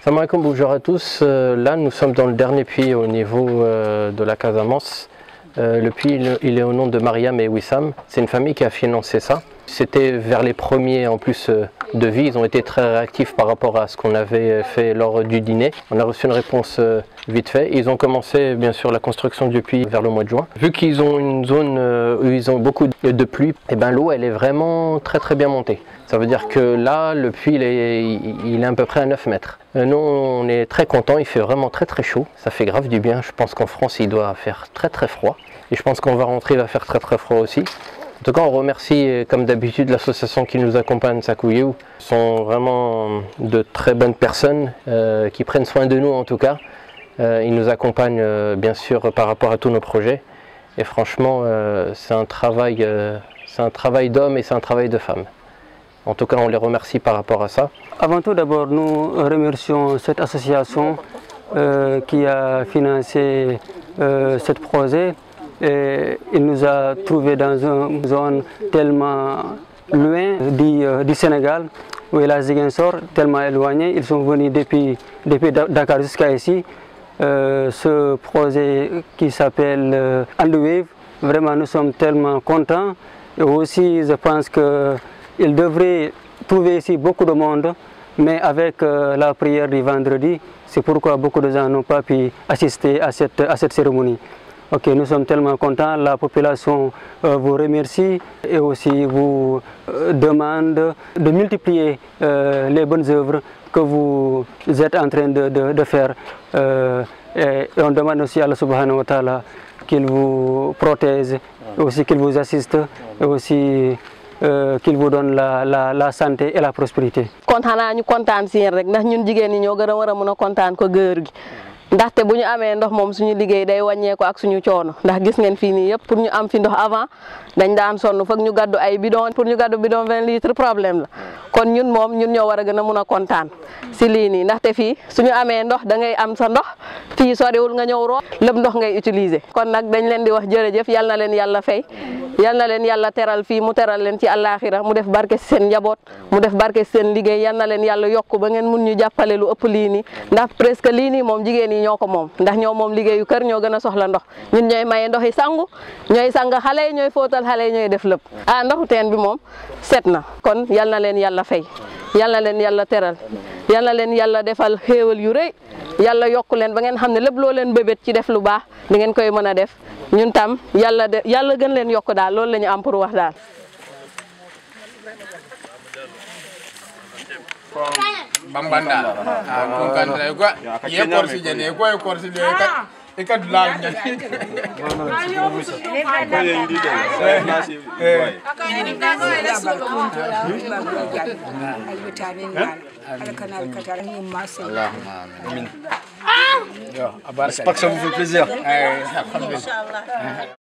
Salam bonjour à tous. Euh, là, nous sommes dans le dernier puits au niveau euh, de la Casamance. Euh, le puits, il, il, est au nom de Mariam et Wissam. C'est une famille qui a financé ça. C'était vers les premiers, en plus, euh, de vie. Ils ont été très réactifs par rapport à ce qu'on avait euh, fait lors du dîner. On a reçu une réponse euh, vite fait. Ils ont commencé bien sûr la construction du puits vers le mois de juin. Vu qu'ils ont une zone euh, où ils ont beaucoup de pluie, et eh ben l'eau elle est vraiment très très bien montée. Ça veut dire que là le puits il est, il est à peu près à 9 mètres. Nous on est très contents, il fait vraiment très très chaud. Ça fait grave du bien. Je pense qu'en France il doit faire très très froid. Et je pense qu'on va rentrer, il va faire très très froid aussi. En tout cas, on remercie euh, comme d'habitude l'association qui nous accompagne, Sakuyu. Ce sont vraiment euh, de très bonnes personnes euh, qui prennent soin de nous en tout cas. ils nous accompagnent bien sûr par rapport à tous nos projets. Et franchement, c'est un travail, c'est un travail d'homme et c'est un travail de femme. En tout cas, on les remercie par rapport à ça. Avant tout, d'abord, nous remercions cette association qui a financé ce projet il nous a trouvés dans une zone tellement loin du, euh, Sénégal, où il a Ziguinchor, tellement éloigné. Ils sont venus depuis, Dakar jusqu'à ici. Euh, ce projet qui s'appelle euh, vraiment nous sommes tellement contents. Et aussi, je pense qu'ils devraient trouver ici beaucoup de monde, mais avec euh, la prière du vendredi, c'est pourquoi beaucoup de gens n'ont pas pu assister à cette cérémonie nous sommes tellement contents. La population euh, vous remercie et aussi vous euh, demande de multiplier euh, les bonnes œuvres que vous êtes en train de, faire. on demande aussi à la subhanahu wa ta'ala qu'il vous protège, aussi qu'il vous assiste et aussi qu'il vous donne la santé et la prospérité. ndaxte bu ñu amee ndox moom suñu liggéey day wàññeeku ak suñu coono ndax gis ngeen fii nii yëpp pour ñu am fi ndox avant dañ daan sonn foog ñu gaddu ay bidon pour ñu gaddu bidon vingt litres problème la kon ñun moom ñun ñoo war a gën a mun a kontaan si lii nii ndaxte fii ñu amee ndox da ngay am sa ndox fii soriwul nga ñëw root lépp ndox ngay utiliser kon nag dañ leen di wax jërëjëf yal na leen yàlla fay yal na leen yàlla teral fii mu teral leen ci àllaaxira mu def barke seen njaboot mu def barke seen liggéey yal na leen yàlla yokk ba ngeen mun ñu jàppale lu ëpp lii nii ndax presque lii nii moom jigéen yi ñoo ko moom ndax ñoo moom liggéeyu kër ñoo gën a soxla ndox ñun ñooy maye ndox yi sangu ñooy sang xale yi ñooy fóotal xale yi ñooy def lépp ah ndoxu teen bi moom set na kon yal na leen yàlla fay yalla len yalla teral yalla len yalla defal xewal yu reuy yalla yokku len ba ngeen xamne lepp lo len bebet ci def lu baax ni ngeen koy meuna def ñun tam yalla yalla gën len yokku daal loolu lañu am pour wax daal bambanda ah ko kan ko ye ko ci jene ko ye ko ci jene kat Ik heb lang niet. Ik heb lang niet. Ik heb lang niet. Ik heb lang niet. Ik heb lang niet. Ik heb lang niet. Ik heb lang niet. Ik heb lang niet. Ik heb lang niet. Ik heb lang niet. Ik heb lang niet. Ik heb lang niet. Ik heb lang niet.